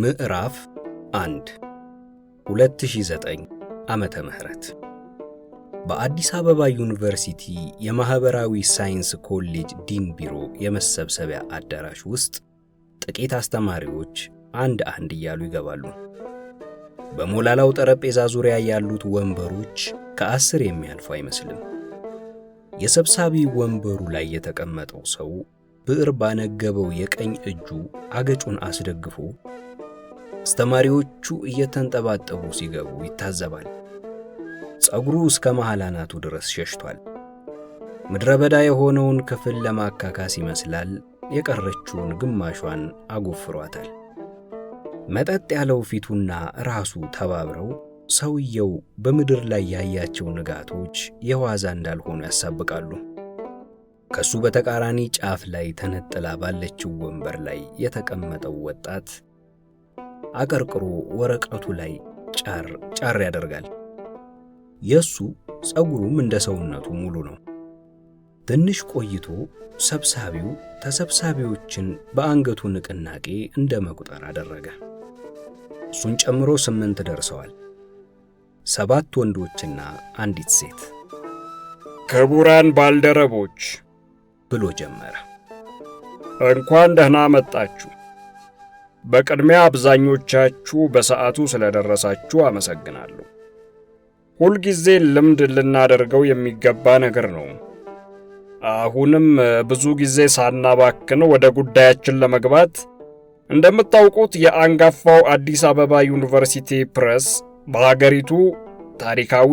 ምዕራፍ 1 2009 ዓመተ ምህረት በአዲስ አበባ ዩኒቨርሲቲ የማህበራዊ ሳይንስ ኮሌጅ ዲን ቢሮ የመሰብሰቢያ አዳራሽ ውስጥ ጥቂት አስተማሪዎች አንድ አንድ እያሉ ይገባሉ። በሞላላው ጠረጴዛ ዙሪያ ያሉት ወንበሮች ከአስር የሚያልፉ አይመስልም። የሰብሳቢ ወንበሩ ላይ የተቀመጠው ሰው ብዕር ባነገበው የቀኝ እጁ አገጩን አስደግፎ አስተማሪዎቹ እየተንጠባጠቡ ሲገቡ ይታዘባል። ጸጉሩ እስከ መሃል አናቱ ድረስ ሸሽቷል። ምድረ በዳ የሆነውን ክፍል ለማካካስ ይመስላል የቀረችውን ግማሿን አጎፍሯታል። መጠጥ ያለው ፊቱና ራሱ ተባብረው ሰውየው በምድር ላይ ያያቸው ንጋቶች የዋዛ እንዳልሆኑ ያሳብቃሉ። ከሱ በተቃራኒ ጫፍ ላይ ተነጥላ ባለችው ወንበር ላይ የተቀመጠው ወጣት አቀርቅሮ ወረቀቱ ላይ ጫር ጫር ያደርጋል። የሱ ጸጉሩም እንደ ሰውነቱ ሙሉ ነው። ትንሽ ቆይቶ ሰብሳቢው ተሰብሳቢዎችን በአንገቱ ንቅናቄ እንደ መቁጠር አደረገ። እሱን ጨምሮ ስምንት ደርሰዋል። ሰባት ወንዶችና አንዲት ሴት ክቡራን ባልደረቦች ብሎ ጀመረ። እንኳን ደህና መጣችሁ። በቅድሚያ አብዛኞቻችሁ በሰዓቱ ስለደረሳችሁ አመሰግናለሁ። ሁልጊዜ ልምድ ልናደርገው የሚገባ ነገር ነው። አሁንም ብዙ ጊዜ ሳናባክን ወደ ጉዳያችን ለመግባት እንደምታውቁት የአንጋፋው አዲስ አበባ ዩኒቨርሲቲ ፕሬስ በሀገሪቱ ታሪካዊ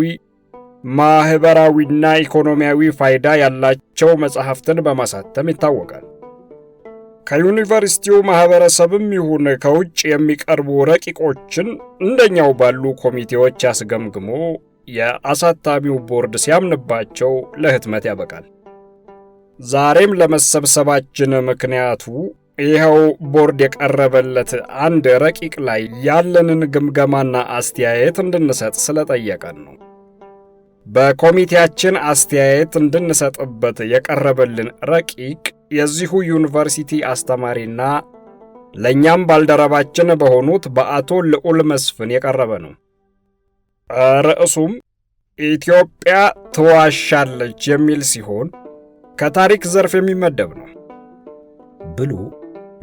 ማህበራዊና ኢኮኖሚያዊ ፋይዳ ያላቸው መጽሐፍትን በማሳተም ይታወቃል። ከዩኒቨርሲቲው ማኅበረሰብም ይሁን ከውጭ የሚቀርቡ ረቂቆችን እንደኛው ባሉ ኮሚቴዎች ያስገምግሞ የአሳታሚው ቦርድ ሲያምንባቸው ለህትመት ያበቃል። ዛሬም ለመሰብሰባችን ምክንያቱ ይኸው ቦርድ የቀረበለት አንድ ረቂቅ ላይ ያለንን ግምገማና አስተያየት እንድንሰጥ ስለጠየቀን ነው። በኮሚቴያችን አስተያየት እንድንሰጥበት የቀረበልን ረቂቅ የዚሁ ዩኒቨርሲቲ አስተማሪና ለእኛም ባልደረባችን በሆኑት በአቶ ልዑል መስፍን የቀረበ ነው። ርዕሱም ኢትዮጵያ ትዋሻለች የሚል ሲሆን ከታሪክ ዘርፍ የሚመደብ ነው ብሎ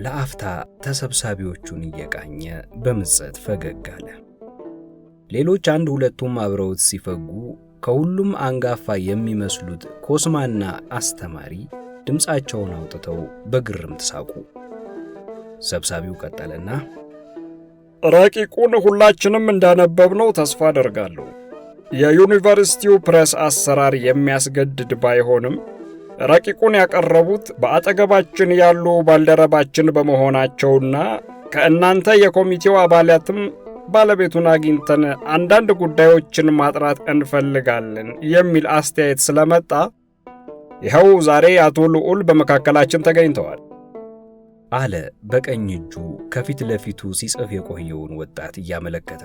ለአፍታ ተሰብሳቢዎቹን እየቃኘ በምጸት ፈገግ አለ። ሌሎች አንድ ሁለቱም አብረውት ሲፈጉ ከሁሉም አንጋፋ የሚመስሉት ኮስማና አስተማሪ ድምፃቸውን አውጥተው በግርምት ሳቁ። ሰብሳቢው ቀጠለና ረቂቁን ሁላችንም እንዳነበብነው ተስፋ አደርጋለሁ። የዩኒቨርሲቲው ፕሬስ አሰራር የሚያስገድድ ባይሆንም ረቂቁን ያቀረቡት በአጠገባችን ያሉ ባልደረባችን በመሆናቸውና ከእናንተ የኮሚቴው አባላትም ባለቤቱን አግኝተን አንዳንድ ጉዳዮችን ማጥራት እንፈልጋለን የሚል አስተያየት ስለመጣ ይኸው ዛሬ አቶ ልዑል በመካከላችን ተገኝተዋል አለ በቀኝ እጁ ከፊት ለፊቱ ሲጽፍ የቆየውን ወጣት እያመለከተ።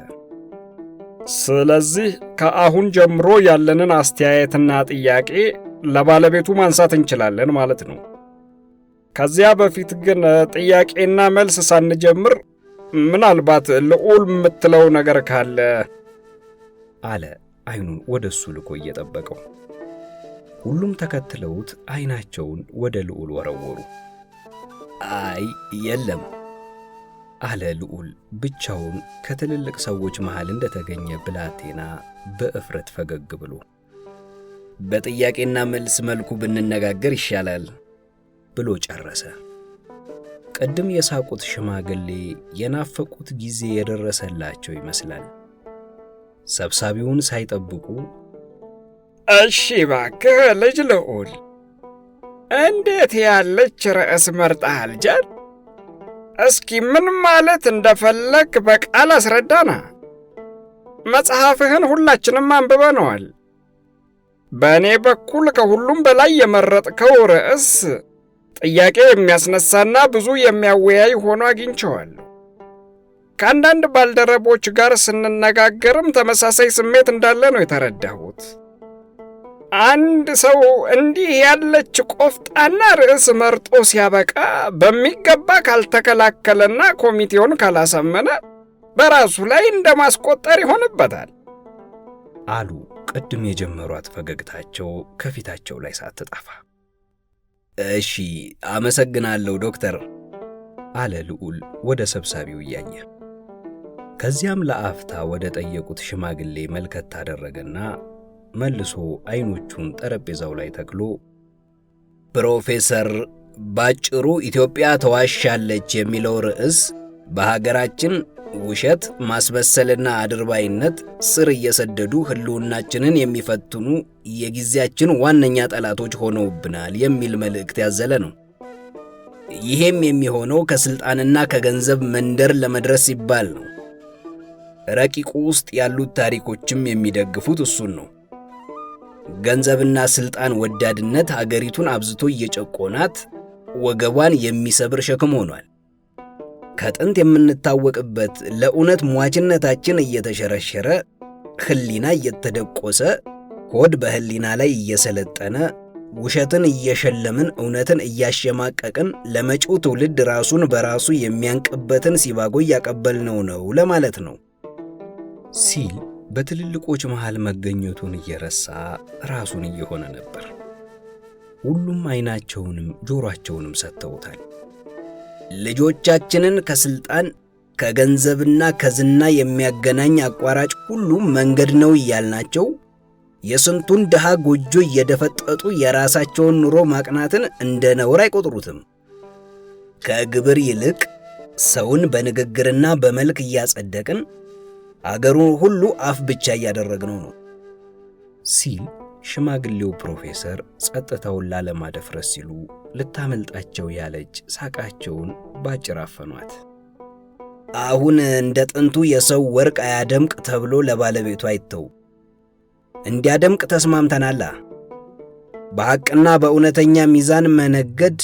ስለዚህ ከአሁን ጀምሮ ያለንን አስተያየትና ጥያቄ ለባለቤቱ ማንሳት እንችላለን ማለት ነው። ከዚያ በፊት ግን ጥያቄና መልስ ሳንጀምር ምናልባት ልዑል የምትለው ነገር ካለ አለ አይኑን ወደ እሱ ልኮ እየጠበቀው። ሁሉም ተከትለውት አይናቸውን ወደ ልዑል ወረወሩ። አይ የለም አለ ልዑል ብቻውን ከትልልቅ ሰዎች መሃል እንደተገኘ ብላቴና በእፍረት ፈገግ ብሎ። በጥያቄና መልስ መልኩ ብንነጋገር ይሻላል ብሎ ጨረሰ። ቅድም የሳቁት ሽማግሌ የናፈቁት ጊዜ የደረሰላቸው ይመስላል። ሰብሳቢውን ሳይጠብቁ እሺ እባክህ ልጅ ልዑል እንዴት ያለች ርዕስ መርጠሃል እስኪ ምን ማለት እንደፈለግ በቃል አስረዳና። መጽሐፍህን ሁላችንም አንብበነዋል። በእኔ በኩል ከሁሉም በላይ የመረጥከው ርዕስ ጥያቄ የሚያስነሳና ብዙ የሚያወያይ ሆኖ አግኝቸዋል። ከአንዳንድ ባልደረቦች ጋር ስንነጋገርም ተመሳሳይ ስሜት እንዳለ ነው የተረዳሁት። አንድ ሰው እንዲህ ያለች ቆፍጣና ርዕስ መርጦ ሲያበቃ በሚገባ ካልተከላከለና ኮሚቴውን ካላሳመነ በራሱ ላይ እንደ ማስቆጠር ይሆንበታል አሉ። ቅድም የጀመሯት ፈገግታቸው ከፊታቸው ላይ ሳትጠፋ እሺ አመሰግናለሁ ዶክተር አለ ልዑል ወደ ሰብሳቢው እያየ። ከዚያም ለአፍታ ወደ ጠየቁት ሽማግሌ መልከት ታደረገና መልሶ አይኖቹን ጠረጴዛው ላይ ተክሎ ፕሮፌሰር፣ ባጭሩ ኢትዮጵያ ተዋሻለች የሚለው ርዕስ በሀገራችን ውሸት፣ ማስበሰልና አድርባይነት ስር እየሰደዱ ህልውናችንን የሚፈትኑ የጊዜያችን ዋነኛ ጠላቶች ሆነውብናል የሚል መልእክት ያዘለ ነው። ይሄም የሚሆነው ከሥልጣንና ከገንዘብ መንደር ለመድረስ ሲባል ነው። ረቂቁ ውስጥ ያሉት ታሪኮችም የሚደግፉት እሱን ነው። ገንዘብና ሥልጣን ወዳድነት አገሪቱን አብዝቶ እየጨቆናት ወገቧን የሚሰብር ሸክም ሆኗል። ከጥንት የምንታወቅበት ለእውነት ሟችነታችን እየተሸረሸረ ሕሊና እየተደቆሰ ሆድ በሕሊና ላይ እየሰለጠነ ውሸትን እየሸለምን እውነትን እያሸማቀቅን ለመጪው ትውልድ ራሱን በራሱ የሚያንቅበትን ሲባጎ እያቀበልነው ነው ለማለት ነው ሲል በትልልቆች መሃል መገኘቱን እየረሳ ራሱን እየሆነ ነበር። ሁሉም ዐይናቸውንም ጆሮአቸውንም ሰጥተውታል። ልጆቻችንን ከስልጣን ከገንዘብና ከዝና የሚያገናኝ አቋራጭ ሁሉ መንገድ ነው እያልናቸው የስንቱን ድሃ ጎጆ እየደፈጠጡ የራሳቸውን ኑሮ ማቅናትን እንደ ነውር አይቆጥሩትም። ከግብር ይልቅ ሰውን በንግግርና በመልክ እያጸደቅን አገሩ ሁሉ አፍ ብቻ እያደረግነው ነው ሲል ሽማግሌው ፕሮፌሰር ጸጥታውን ላለማደፍረስ ሲሉ ልታመልጣቸው ያለች ሳቃቸውን ባጭር አፈኗት። አሁን እንደ ጥንቱ የሰው ወርቅ አያደምቅ ተብሎ ለባለቤቱ አይተው እንዲያደምቅ ተስማምተናላ። በሐቅና በእውነተኛ ሚዛን መነገድ፣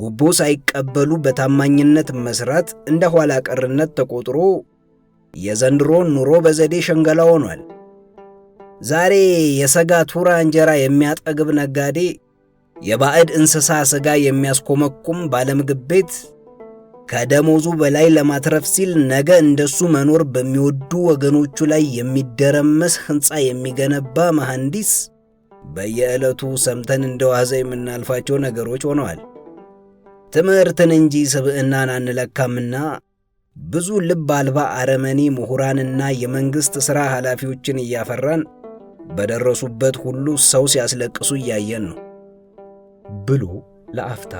ጉቦ ሳይቀበሉ በታማኝነት መስራት እንደ ኋላ ቀርነት ተቆጥሮ የዘንድሮ ኑሮ በዘዴ ሸንገላ ሆኗል። ዛሬ የሰጋ ቱራ እንጀራ የሚያጠግብ ነጋዴ የባዕድ እንስሳ ሥጋ የሚያስኮመኩም ባለምግብ ቤት ከደሞዙ በላይ ለማትረፍ ሲል ነገ እንደሱ መኖር በሚወዱ ወገኖቹ ላይ የሚደረመስ ሕንፃ የሚገነባ መሐንዲስ በየዕለቱ ሰምተን እንደ ዋዛ የምናልፋቸው ነገሮች ሆነዋል። ትምህርትን እንጂ ስብዕናን አንለካምና ብዙ ልብ አልባ አረመኔ ምሁራንና የመንግሥት ሥራ ኃላፊዎችን እያፈራን በደረሱበት ሁሉ ሰው ሲያስለቅሱ እያየን ነው። ብሎ ለአፍታ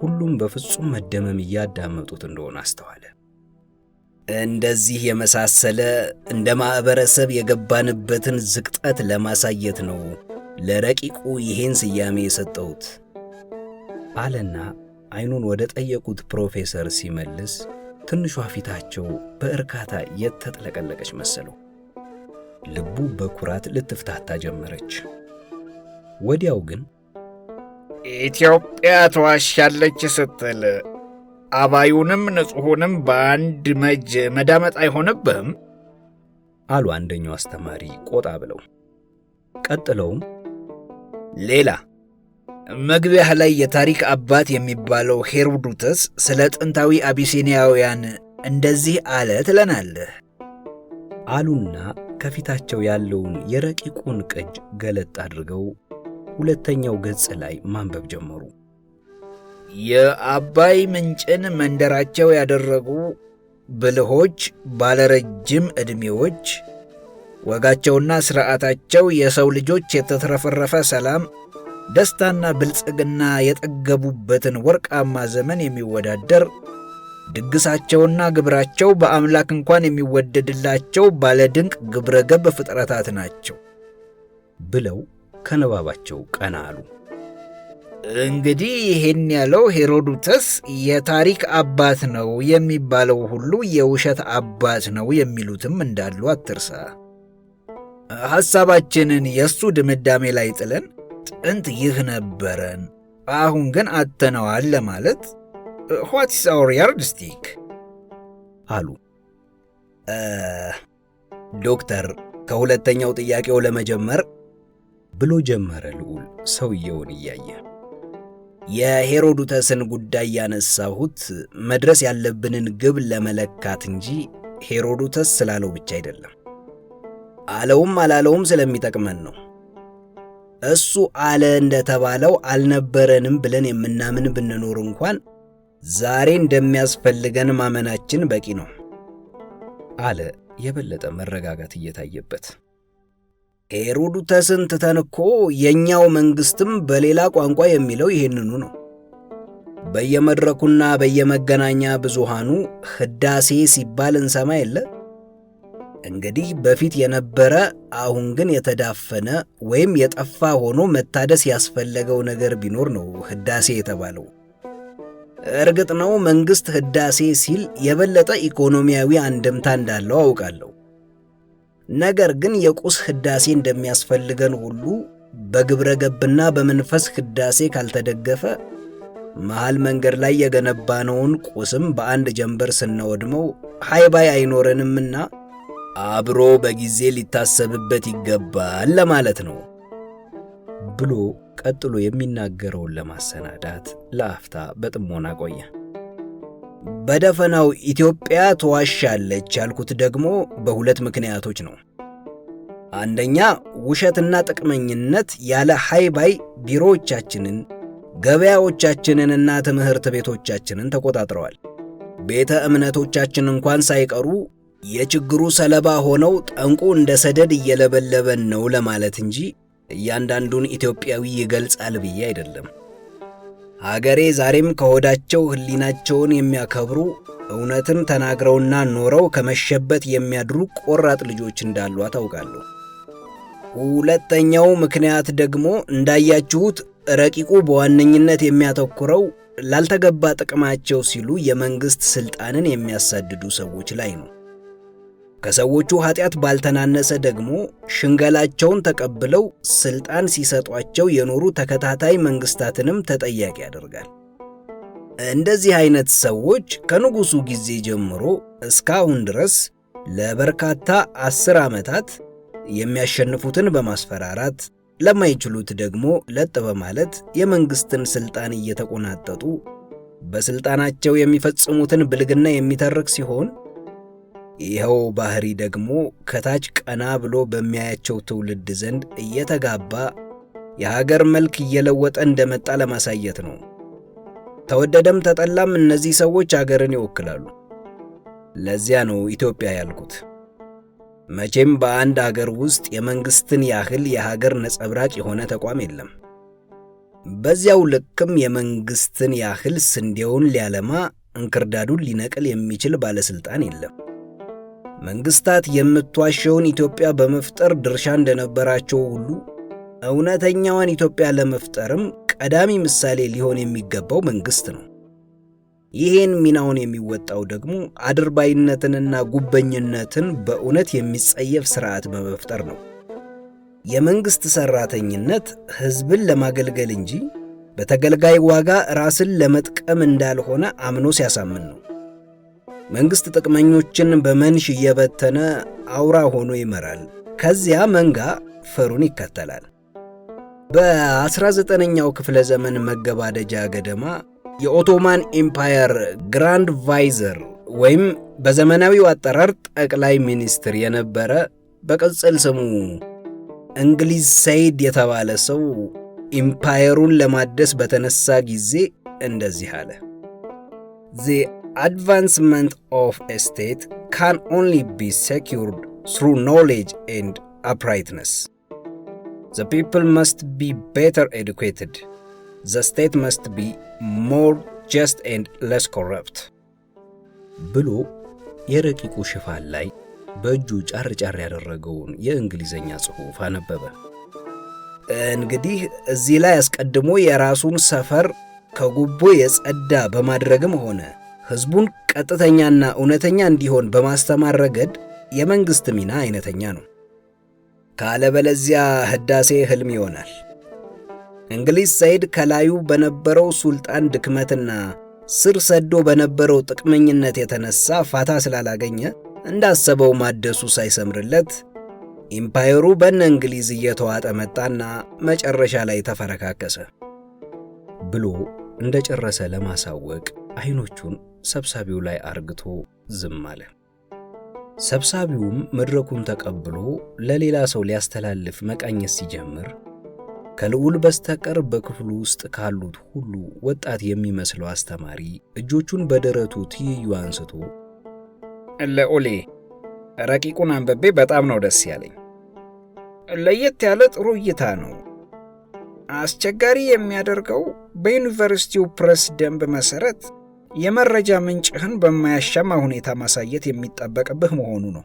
ሁሉም በፍጹም መደመም እያዳመጡት እንደሆነ አስተዋለ። እንደዚህ የመሳሰለ እንደ ማኅበረሰብ የገባንበትን ዝቅጠት ለማሳየት ነው ለረቂቁ ይሄን ስያሜ የሰጠሁት አለና አይኑን ወደ ጠየቁት ፕሮፌሰር ሲመልስ ትንሿ ፊታቸው በእርካታ የተጥለቀለቀች መሰለው። ልቡ በኩራት ልትፍታታ ጀመረች። ወዲያው ግን ኢትዮጵያ ትዋሻለች ስትል አባዩንም ንጹሑንም በአንድ መጅ መዳመጥ አይሆንብህም አሉ አንደኛው አስተማሪ ቆጣ ብለው። ቀጥለውም ሌላ መግቢያህ ላይ የታሪክ አባት የሚባለው ሄሮዶተስ ስለ ጥንታዊ አቢሲኒያውያን እንደዚህ አለ ትለናለህ አሉና ከፊታቸው ያለውን የረቂቁን ቅጅ ገለጥ አድርገው ሁለተኛው ገጽ ላይ ማንበብ ጀመሩ። የአባይ ምንጭን መንደራቸው ያደረጉ ብልሆች ባለረጅም ዕድሜዎች ወጋቸውና ሥርዓታቸው የሰው ልጆች የተትረፈረፈ ሰላም፣ ደስታና ብልጽግና የጠገቡበትን ወርቃማ ዘመን የሚወዳደር ድግሳቸውና ግብራቸው በአምላክ እንኳን የሚወደድላቸው ባለድንቅ ግብረ ገብ ፍጥረታት ናቸው ብለው ከንባባቸው ቀና አሉ። እንግዲህ ይሄን ያለው ሄሮዶተስ የታሪክ አባት ነው የሚባለው ሁሉ የውሸት አባት ነው የሚሉትም እንዳሉ አትርሳ። ሐሳባችንን የእሱ ድምዳሜ ላይ ጥለን ጥንት ይህ ነበረን፣ አሁን ግን አተነዋል ለማለት ዋትስ አወር ስቲክ አሉ። ዶክተር ከሁለተኛው ጥያቄው ለመጀመር ብሎ ጀመረ ልዑል ሰውየውን እያየ። የሄሮዱተስን ጉዳይ ያነሳሁት መድረስ ያለብንን ግብ ለመለካት እንጂ ሄሮዱተስ ስላለው ብቻ አይደለም። አለውም አላለውም ስለሚጠቅመን ነው። እሱ አለ እንደተባለው አልነበረንም ብለን የምናምን ብንኖር እንኳን ዛሬ እንደሚያስፈልገን ማመናችን በቂ ነው አለ፣ የበለጠ መረጋጋት እየታየበት ሄሮድተስን ትተን እኮ የእኛው መንግሥትም በሌላ ቋንቋ የሚለው ይህንኑ ነው። በየመድረኩና በየመገናኛ ብዙሃኑ ሕዳሴ ሲባል እንሰማ የለ። እንግዲህ በፊት የነበረ አሁን ግን የተዳፈነ ወይም የጠፋ ሆኖ መታደስ ያስፈለገው ነገር ቢኖር ነው ሕዳሴ የተባለው። እርግጥ ነው መንግሥት ሕዳሴ ሲል የበለጠ ኢኮኖሚያዊ አንድምታ እንዳለው አውቃለሁ። ነገር ግን የቁስ ህዳሴ እንደሚያስፈልገን ሁሉ በግብረ ገብና በመንፈስ ህዳሴ ካልተደገፈ መሃል መንገድ ላይ የገነባነውን ቁስም በአንድ ጀንበር ስናወድመው ሃይባይ አይኖረንምና አብሮ በጊዜ ሊታሰብበት ይገባል ለማለት ነው ብሎ ቀጥሎ የሚናገረውን ለማሰናዳት ለአፍታ በጥሞና ቆየ። በደፈናው ኢትዮጵያ ተዋሻለች ያልኩት ደግሞ በሁለት ምክንያቶች ነው። አንደኛ ውሸትና ጥቅመኝነት ያለ ሃይባይ ቢሮዎቻችንን፣ ገበያዎቻችንንና ትምህርት ቤቶቻችንን ተቆጣጥረዋል። ቤተ እምነቶቻችን እንኳን ሳይቀሩ የችግሩ ሰለባ ሆነው ጠንቁ እንደ ሰደድ እየለበለበን ነው ለማለት እንጂ እያንዳንዱን ኢትዮጵያዊ ይገልጻል ብዬ አይደለም። አገሬ ዛሬም ከሆዳቸው ሕሊናቸውን የሚያከብሩ እውነትን ተናግረውና ኖረው ከመሸበት የሚያድሩ ቆራጥ ልጆች እንዳሉ አታውቃለሁ። ሁለተኛው ምክንያት ደግሞ እንዳያችሁት ረቂቁ በዋነኝነት የሚያተኩረው ላልተገባ ጥቅማቸው ሲሉ የመንግሥት ሥልጣንን የሚያሳድዱ ሰዎች ላይ ነው። ከሰዎቹ ኃጢአት ባልተናነሰ ደግሞ ሽንገላቸውን ተቀብለው ስልጣን ሲሰጧቸው የኖሩ ተከታታይ መንግስታትንም ተጠያቂ ያደርጋል። እንደዚህ አይነት ሰዎች ከንጉሱ ጊዜ ጀምሮ እስካሁን ድረስ ለበርካታ አስር ዓመታት የሚያሸንፉትን በማስፈራራት ለማይችሉት ደግሞ ለጥ በማለት የመንግስትን ስልጣን እየተቆናጠጡ በስልጣናቸው የሚፈጽሙትን ብልግና የሚተርክ ሲሆን ይኸው ባህሪ ደግሞ ከታች ቀና ብሎ በሚያያቸው ትውልድ ዘንድ እየተጋባ የሀገር መልክ እየለወጠ እንደመጣ ለማሳየት ነው። ተወደደም ተጠላም እነዚህ ሰዎች አገርን ይወክላሉ። ለዚያ ነው ኢትዮጵያ ያልኩት። መቼም በአንድ አገር ውስጥ የመንግስትን ያህል የሀገር ነጸብራቅ የሆነ ተቋም የለም። በዚያው ልክም የመንግስትን ያህል ስንዴውን ሊያለማ እንክርዳዱን ሊነቅል የሚችል ባለስልጣን የለም። መንግስታት የምትዋሸውን ኢትዮጵያ በመፍጠር ድርሻ እንደነበራቸው ሁሉ እውነተኛዋን ኢትዮጵያ ለመፍጠርም ቀዳሚ ምሳሌ ሊሆን የሚገባው መንግስት ነው። ይህን ሚናውን የሚወጣው ደግሞ አድርባይነትንና ጉበኝነትን በእውነት የሚጸየፍ ስርዓት በመፍጠር ነው። የመንግስት ሰራተኝነት ህዝብን ለማገልገል እንጂ በተገልጋይ ዋጋ ራስን ለመጥቀም እንዳልሆነ አምኖ ሲያሳምን ነው። መንግሥት ጥቅመኞችን በመንሽ እየበተነ አውራ ሆኖ ይመራል። ከዚያ መንጋ ፈሩን ይከተላል። በ19ኛው ክፍለ ዘመን መገባደጃ ገደማ የኦቶማን ኤምፓየር ግራንድ ቫይዘር ወይም በዘመናዊው አጠራር ጠቅላይ ሚኒስትር የነበረ በቅጽል ስሙ እንግሊዝ ሰይድ የተባለ ሰው ኢምፓየሩን ለማደስ በተነሳ ጊዜ እንደዚህ አለ። advancement of a state can only be secured through knowledge and uprightness. The people must be better educated. The state must be more just and less corrupt. ብሎ የረቂቁ ሽፋን ላይ በእጁ ጫር ጫር ያደረገውን የእንግሊዝኛ ጽሑፍ አነበበ። እንግዲህ እዚህ ላይ አስቀድሞ የራሱን ሰፈር ከጉቦ የጸዳ በማድረግም ሆነ ህዝቡን ቀጥተኛና እውነተኛ እንዲሆን በማስተማር ረገድ የመንግሥት ሚና አይነተኛ ነው። ካለበለዚያ ህዳሴ ህልም ይሆናል። እንግሊዝ ሰይድ ከላዩ በነበረው ሱልጣን ድክመትና ስር ሰዶ በነበረው ጥቅመኝነት የተነሳ ፋታ ስላላገኘ እንዳሰበው ማደሱ ሳይሰምርለት ኢምፓየሩ በነ እንግሊዝ እየተዋጠ መጣና መጨረሻ ላይ ተፈረካከሰ ብሎ እንደጨረሰ ለማሳወቅ አይኖቹን ሰብሳቢው ላይ አርግቶ ዝም አለ። ሰብሳቢውም መድረኩን ተቀብሎ ለሌላ ሰው ሊያስተላልፍ መቃኘት ሲጀምር ከልዑል በስተቀር በክፍሉ ውስጥ ካሉት ሁሉ ወጣት የሚመስለው አስተማሪ እጆቹን በደረቱ ትይዩ አንስቶ ለኦሌ ረቂቁን አንብቤ በጣም ነው ደስ ያለኝ። ለየት ያለ ጥሩ እይታ ነው። አስቸጋሪ የሚያደርገው በዩኒቨርሲቲው ፕሬስ ደንብ መሠረት የመረጃ ምንጭህን በማያሻማ ሁኔታ ማሳየት የሚጠበቅብህ መሆኑ ነው።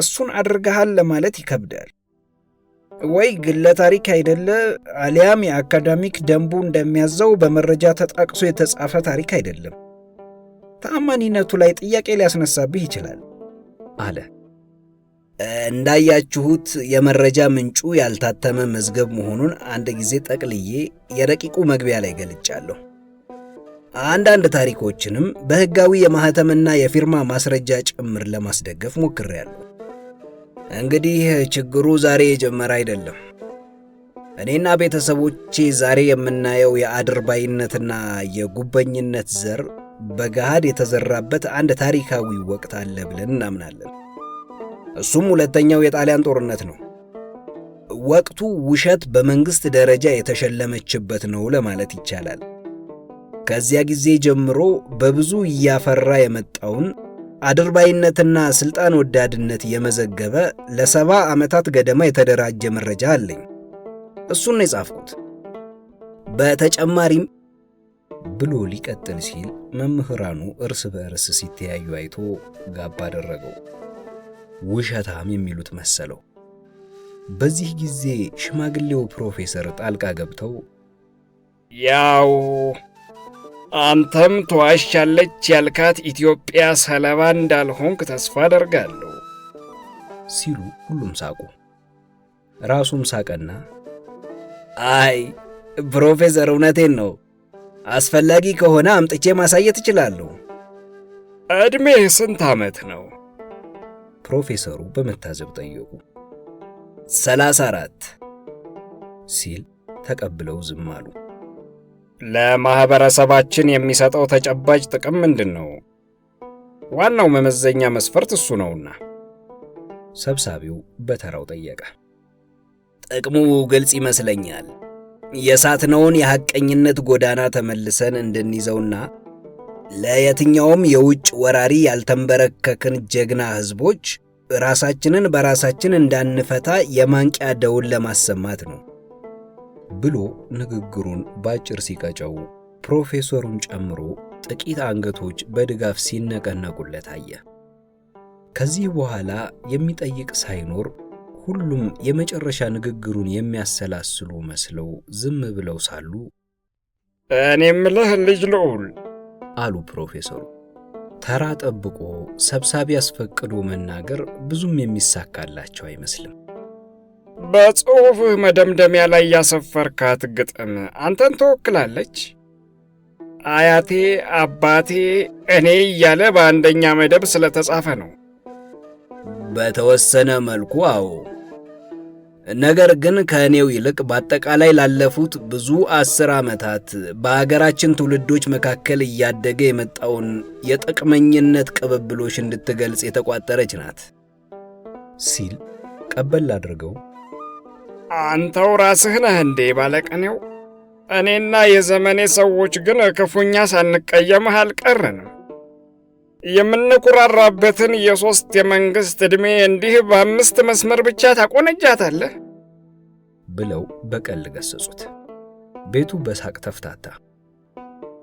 እሱን አድርገሃል ለማለት ይከብዳል። ወይ ግለ ታሪክ አይደለ፣ አሊያም የአካዳሚክ ደንቡ እንደሚያዘው በመረጃ ተጣቅሶ የተጻፈ ታሪክ አይደለም። ተአማኒነቱ ላይ ጥያቄ ሊያስነሳብህ ይችላል አለ። እንዳያችሁት የመረጃ ምንጩ ያልታተመ መዝገብ መሆኑን አንድ ጊዜ ጠቅልዬ የረቂቁ መግቢያ ላይ ገልጫለሁ። አንዳንድ ታሪኮችንም በህጋዊ የማህተምና የፊርማ ማስረጃ ጭምር ለማስደገፍ ሞክሬያለሁ። እንግዲህ ችግሩ ዛሬ የጀመረ አይደለም። እኔና ቤተሰቦቼ ዛሬ የምናየው የአድርባይነትና የጉበኝነት ዘር በገሃድ የተዘራበት አንድ ታሪካዊ ወቅት አለ ብለን እናምናለን። እሱም ሁለተኛው የጣሊያን ጦርነት ነው። ወቅቱ ውሸት በመንግሥት ደረጃ የተሸለመችበት ነው ለማለት ይቻላል። ከዚያ ጊዜ ጀምሮ በብዙ እያፈራ የመጣውን አድርባይነትና ስልጣን ወዳድነት የመዘገበ ለሰባ ዓመታት ገደማ የተደራጀ መረጃ አለኝ። እሱን ነው የጻፍኩት። በተጨማሪም ብሎ ሊቀጥል ሲል መምህራኑ እርስ በእርስ ሲተያዩ አይቶ ጋብ አደረገው። ውሸታም የሚሉት መሰለው። በዚህ ጊዜ ሽማግሌው ፕሮፌሰር ጣልቃ ገብተው ያው አንተም ተዋሻለች ያልካት ኢትዮጵያ ሰለባ እንዳልሆንክ ተስፋ አደርጋለሁ ሲሉ ሁሉም ሳቁ። ራሱም ሳቀና አይ ፕሮፌሰር እውነቴን ነው፣ አስፈላጊ ከሆነ አምጥቼ ማሳየት እችላለሁ። ዕድሜ ስንት ዓመት ነው? ፕሮፌሰሩ በመታዘብ ጠየቁ። ሰላሳ አራት ሲል ተቀብለው ዝም አሉ። ለማህበረሰባችን የሚሰጠው ተጨባጭ ጥቅም ምንድን ነው? ዋናው መመዘኛ መስፈርት እሱ ነውና ሰብሳቢው በተራው ጠየቀ። ጥቅሙ ግልጽ ይመስለኛል። የሳትነውን የሐቀኝነት ጎዳና ተመልሰን እንድንይዘውና ለየትኛውም የውጭ ወራሪ ያልተንበረከክን ጀግና ሕዝቦች ራሳችንን በራሳችን እንዳንፈታ የማንቂያ ደውል ለማሰማት ነው። ብሎ ንግግሩን ባጭር ሲቀጨው ፕሮፌሰሩን ጨምሮ ጥቂት አንገቶች በድጋፍ ሲነቀነቁለት አየ። ከዚህ በኋላ የሚጠይቅ ሳይኖር ሁሉም የመጨረሻ ንግግሩን የሚያሰላስሉ መስለው ዝም ብለው ሳሉ እኔ የምልህ ልጅ ልዑል አሉ ፕሮፌሰሩ። ተራ ጠብቆ ሰብሳቢ አስፈቅዶ መናገር ብዙም የሚሳካላቸው አይመስልም። በጽሑፍህ መደምደሚያ ላይ ያሰፈርካት ግጥም አንተን ትወክላለች። አያቴ አባቴ እኔ እያለ በአንደኛ መደብ ስለተጻፈ ነው። በተወሰነ መልኩ አዎ። ነገር ግን ከእኔው ይልቅ በአጠቃላይ ላለፉት ብዙ አስር ዓመታት በአገራችን ትውልዶች መካከል እያደገ የመጣውን የጥቅመኝነት ቅብብሎች እንድትገልጽ የተቋጠረች ናት ሲል ቀበል አድርገው አንተው ራስህ ነህ እንዴ ባለቀኔው? እኔና የዘመኔ ሰዎች ግን ክፉኛ ሳንቀየምህ አልቀርንም። የምንኩራራበትን የሦስት የመንግሥት ዕድሜ እንዲህ በአምስት መስመር ብቻ ታቆነጃታለህ ብለው በቀል ገሰጹት። ቤቱ በሳቅ ተፍታታ።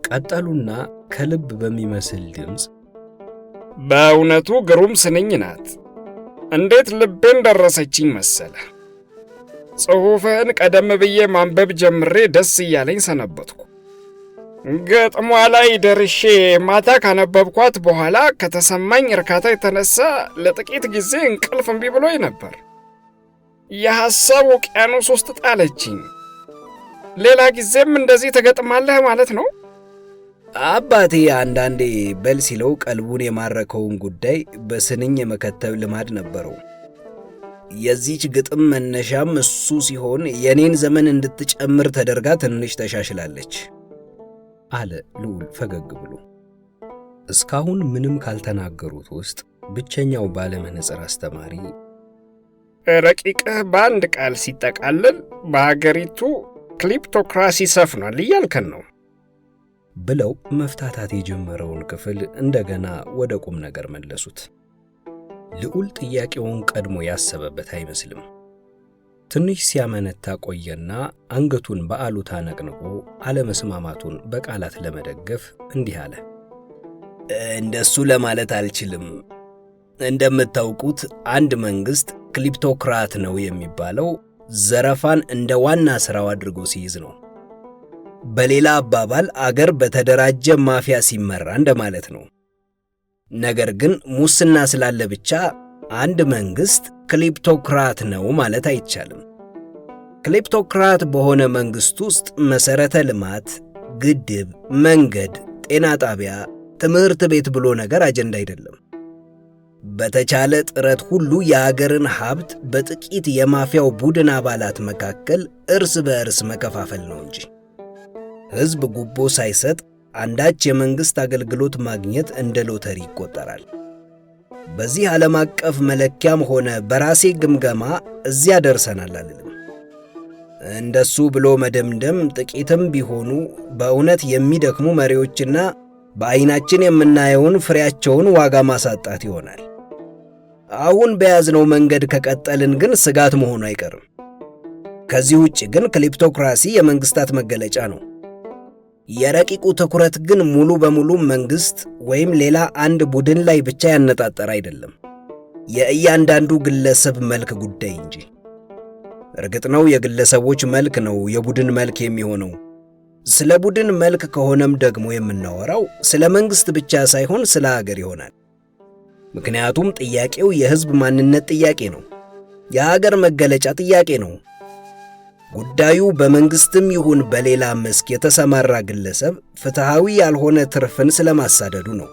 ቀጠሉና ከልብ በሚመስል ድምፅ በእውነቱ ግሩም ስንኝ ናት። እንዴት ልቤን ደረሰችኝ መሰለህ ጽሑፍን ቀደም ብዬ ማንበብ ጀምሬ ደስ እያለኝ ሰነበትኩ። ገጥሟ ላይ ደርሼ ማታ ካነበብኳት በኋላ ከተሰማኝ እርካታ የተነሳ ለጥቂት ጊዜ እንቅልፍ እምቢ ብሎኝ ነበር። የሐሳብ ውቅያኖስ ውስጥ ጣለችኝ። ሌላ ጊዜም እንደዚህ ትገጥማለህ ማለት ነው? አባቴ አንዳንዴ በል ሲለው ቀልቡን የማረከውን ጉዳይ በስንኝ የመከተብ ልማድ ነበረው። የዚች ግጥም መነሻም እሱ ሲሆን የኔን ዘመን እንድትጨምር ተደርጋ ትንሽ ተሻሽላለች አለ ልዑል ፈገግ ብሎ። እስካሁን ምንም ካልተናገሩት ውስጥ ብቸኛው ባለመነጽር አስተማሪ ረቂቅህ በአንድ ቃል ሲጠቃልል በአገሪቱ ክሊፕቶክራሲ ሰፍኗል እያልከን ነው ብለው መፍታታት የጀመረውን ክፍል እንደገና ወደ ቁም ነገር መለሱት። ልዑል ጥያቄውን ቀድሞ ያሰበበት አይመስልም። ትንሽ ሲያመነታ ቆየና አንገቱን በአሉታ ነቅንቆ አለመስማማቱን በቃላት ለመደገፍ እንዲህ አለ። እንደሱ ለማለት አልችልም። እንደምታውቁት አንድ መንግሥት ክሊፕቶክራት ነው የሚባለው ዘረፋን እንደ ዋና ሥራው አድርጎ ሲይዝ ነው። በሌላ አባባል አገር በተደራጀ ማፊያ ሲመራ እንደማለት ነው። ነገር ግን ሙስና ስላለ ብቻ አንድ መንግሥት ክሊፕቶክራት ነው ማለት አይቻልም። ክሊፕቶክራት በሆነ መንግሥት ውስጥ መሠረተ ልማት፣ ግድብ፣ መንገድ፣ ጤና ጣቢያ፣ ትምህርት ቤት ብሎ ነገር አጀንዳ አይደለም። በተቻለ ጥረት ሁሉ የአገርን ሀብት በጥቂት የማፊያው ቡድን አባላት መካከል እርስ በእርስ መከፋፈል ነው እንጂ ሕዝብ ጉቦ ሳይሰጥ አንዳች የመንግሥት አገልግሎት ማግኘት እንደ ሎተሪ ይቆጠራል። በዚህ ዓለም አቀፍ መለኪያም ሆነ በራሴ ግምገማ እዚያ ደርሰናል አልልም። እንደሱ ብሎ መደምደም ጥቂትም ቢሆኑ በእውነት የሚደክሙ መሪዎችና በዐይናችን የምናየውን ፍሬያቸውን ዋጋ ማሳጣት ይሆናል። አሁን በያዝነው መንገድ ከቀጠልን ግን ስጋት መሆኑ አይቀርም። ከዚህ ውጭ ግን ክሊፕቶክራሲ የመንግሥታት መገለጫ ነው። የረቂቁ ትኩረት ግን ሙሉ በሙሉ መንግሥት ወይም ሌላ አንድ ቡድን ላይ ብቻ ያነጣጠረ አይደለም፣ የእያንዳንዱ ግለሰብ መልክ ጉዳይ እንጂ። እርግጥ ነው የግለሰቦች መልክ ነው የቡድን መልክ የሚሆነው። ስለ ቡድን መልክ ከሆነም ደግሞ የምናወራው ስለ መንግሥት ብቻ ሳይሆን ስለ አገር ይሆናል። ምክንያቱም ጥያቄው የሕዝብ ማንነት ጥያቄ ነው፣ የአገር መገለጫ ጥያቄ ነው። ጉዳዩ በመንግስትም ይሁን በሌላ መስክ የተሰማራ ግለሰብ ፍትሐዊ ያልሆነ ትርፍን ስለማሳደዱ ነው።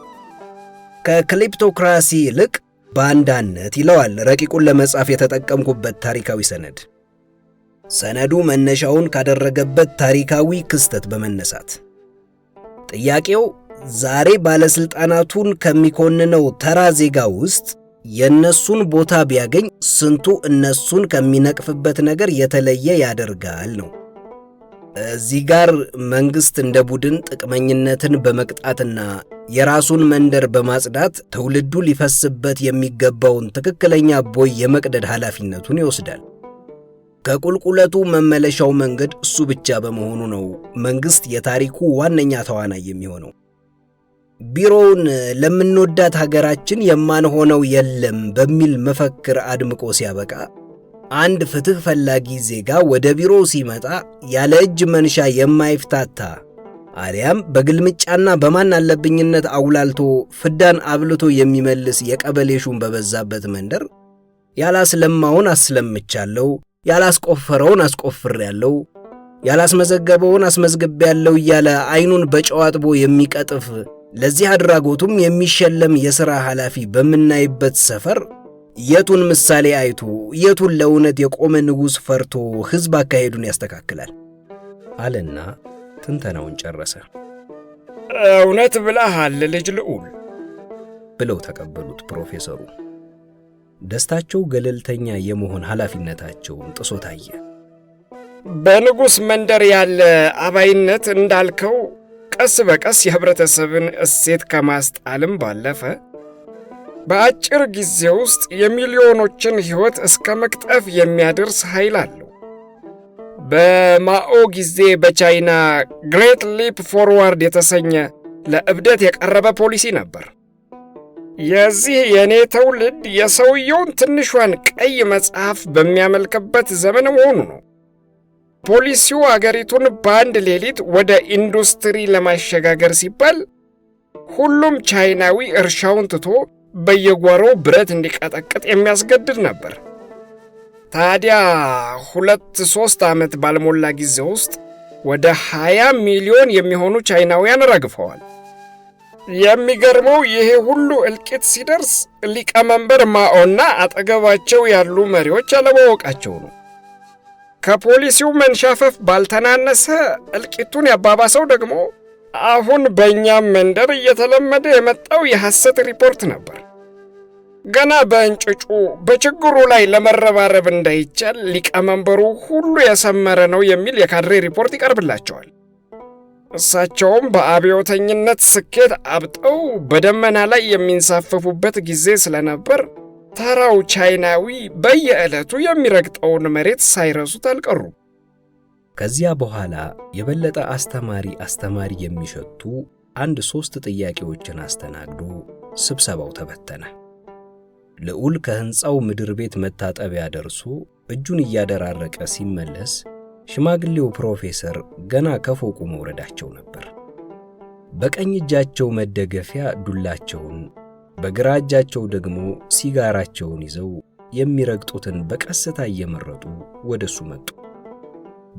ከክሊፕቶክራሲ ይልቅ ባንዳነት ይለዋል ረቂቁን ለመጻፍ የተጠቀምኩበት ታሪካዊ ሰነድ። ሰነዱ መነሻውን ካደረገበት ታሪካዊ ክስተት በመነሳት ጥያቄው ዛሬ ባለሥልጣናቱን ከሚኮንነው ተራ ዜጋ ውስጥ የእነሱን ቦታ ቢያገኝ ስንቱ እነሱን ከሚነቅፍበት ነገር የተለየ ያደርጋል ነው። እዚህ ጋር መንግሥት እንደ ቡድን ጥቅመኝነትን በመቅጣትና የራሱን መንደር በማጽዳት ትውልዱ ሊፈስበት የሚገባውን ትክክለኛ ቦይ የመቅደድ ኃላፊነቱን ይወስዳል። ከቁልቁለቱ መመለሻው መንገድ እሱ ብቻ በመሆኑ ነው መንግሥት የታሪኩ ዋነኛ ተዋናይ የሚሆነው። ቢሮውን ለምንወዳት ሀገራችን የማንሆነው የለም በሚል መፈክር አድምቆ ሲያበቃ አንድ ፍትሕ ፈላጊ ዜጋ ወደ ቢሮው ሲመጣ ያለ እጅ መንሻ የማይፍታታ አሊያም በግልምጫና በማን አለብኝነት አውላልቶ ፍዳን አብልቶ የሚመልስ የቀበሌ ሹም በበዛበት መንደር ያላስለማውን አስለምቻለሁ፣ ያላስቆፈረውን አስቆፍሬያለሁ፣ ያላስመዘገበውን አስመዝግቤያለሁ እያለ ዐይኑን በጨዋጥቦ የሚቀጥፍ ለዚህ አድራጎቱም የሚሸለም የሥራ ኃላፊ በምናይበት ሰፈር የቱን ምሳሌ አይቶ የቱን ለእውነት የቆመ ንጉሥ ፈርቶ ሕዝብ አካሄዱን ያስተካክላል አለና ትንተናውን ጨረሰ። እውነት ብለሃል ልጅ ልዑል ብለው ተቀበሉት ፕሮፌሰሩ። ደስታቸው ገለልተኛ የመሆን ኃላፊነታቸውን ጥሶ ታየ። በንጉሥ መንደር ያለ አባይነት እንዳልከው ቀስ በቀስ የህብረተሰብን እሴት ከማስጣልም ባለፈ በአጭር ጊዜ ውስጥ የሚሊዮኖችን ሕይወት እስከ መቅጠፍ የሚያደርስ ኃይል አለው። በማኦ ጊዜ በቻይና ግሬት ሊፕ ፎርዋርድ የተሰኘ ለእብደት የቀረበ ፖሊሲ ነበር። የዚህ የእኔ ትውልድ የሰውየውን ትንሿን ቀይ መጽሐፍ በሚያመልክበት ዘመን መሆኑ ነው። ፖሊሲው አገሪቱን በአንድ ሌሊት ወደ ኢንዱስትሪ ለማሸጋገር ሲባል ሁሉም ቻይናዊ እርሻውን ትቶ በየጓሮ ብረት እንዲቀጠቅጥ የሚያስገድድ ነበር። ታዲያ ሁለት ሦስት ዓመት ባልሞላ ጊዜ ውስጥ ወደ 20 ሚሊዮን የሚሆኑ ቻይናውያን ረግፈዋል። የሚገርመው ይሄ ሁሉ እልቂት ሲደርስ ሊቀመንበር ማኦና አጠገባቸው ያሉ መሪዎች አለማወቃቸው ነው። ከፖሊሲው መንሻፈፍ ባልተናነሰ እልቂቱን ያባባሰው ደግሞ አሁን በእኛም መንደር እየተለመደ የመጣው የሐሰት ሪፖርት ነበር። ገና በእንጭጩ በችግሩ ላይ ለመረባረብ እንዳይቻል ሊቀመንበሩ ሁሉ የሰመረ ነው የሚል የካድሬ ሪፖርት ይቀርብላቸዋል። እሳቸውም በአብዮተኝነት ስኬት አብጠው በደመና ላይ የሚንሳፈፉበት ጊዜ ስለነበር ተራው ቻይናዊ በየዕለቱ የሚረግጠውን መሬት ሳይረሱት አልቀሩም። ከዚያ በኋላ የበለጠ አስተማሪ አስተማሪ የሚሸቱ አንድ ሦስት ጥያቄዎችን አስተናግዶ ስብሰባው ተበተነ። ልዑል ከሕንፃው ምድር ቤት መታጠቢያ ደርሶ እጁን እያደራረቀ ሲመለስ ሽማግሌው ፕሮፌሰር ገና ከፎቁ መውረዳቸው ነበር። በቀኝ እጃቸው መደገፊያ ዱላቸውን በግራ እጃቸው ደግሞ ሲጋራቸውን ይዘው የሚረግጡትን በቀስታ እየመረጡ ወደ እሱ መጡ።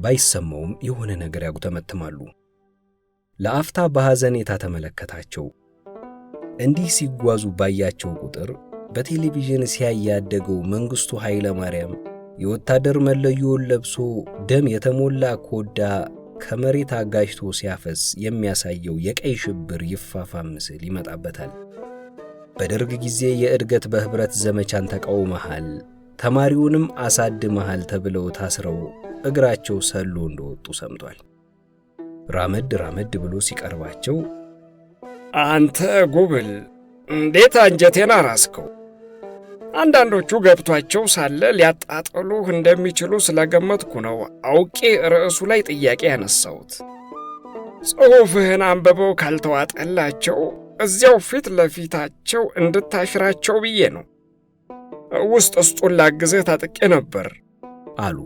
ባይሰማውም የሆነ ነገር ያጉተመትማሉ። ለአፍታ በሐዘኔታ ተመለከታቸው። እንዲህ ሲጓዙ ባያቸው ቁጥር በቴሌቪዥን ሲያይ ያደገው መንግሥቱ ኃይለ ማርያም የወታደር መለዮውን ለብሶ ደም የተሞላ ኮዳ ከመሬት አጋጅቶ ሲያፈስ የሚያሳየው የቀይ ሽብር ይፋፋ ምስል ይመጣበታል። በደርግ ጊዜ የእድገት በህብረት ዘመቻን ተቃውመሃል፣ ተማሪውንም አሳድመሃል ተብለው ታስረው እግራቸው ሰሎ እንደወጡ ሰምቷል። ራመድ ራመድ ብሎ ሲቀርባቸው አንተ ጉብል እንዴት አንጀቴን አራስከው! አንዳንዶቹ ገብቷቸው ሳለ ሊያጣጥሉህ እንደሚችሉ ስለገመትኩ ነው አውቄ ርዕሱ ላይ ጥያቄ ያነሳሁት። ጽሑፍህን አንብበው ካልተዋጠላቸው እዚያው ፊት ለፊታቸው እንድታሽራቸው ብዬ ነው። ውስጥ እስጡን ላግዝህ ታጥቄ ነበር አሉ።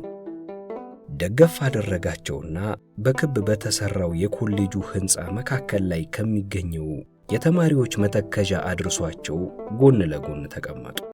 ደገፍ አደረጋቸውና በክብ በተሠራው የኮሌጁ ሕንፃ መካከል ላይ ከሚገኘው የተማሪዎች መተከዣ አድርሷቸው ጎን ለጎን ተቀመጡ።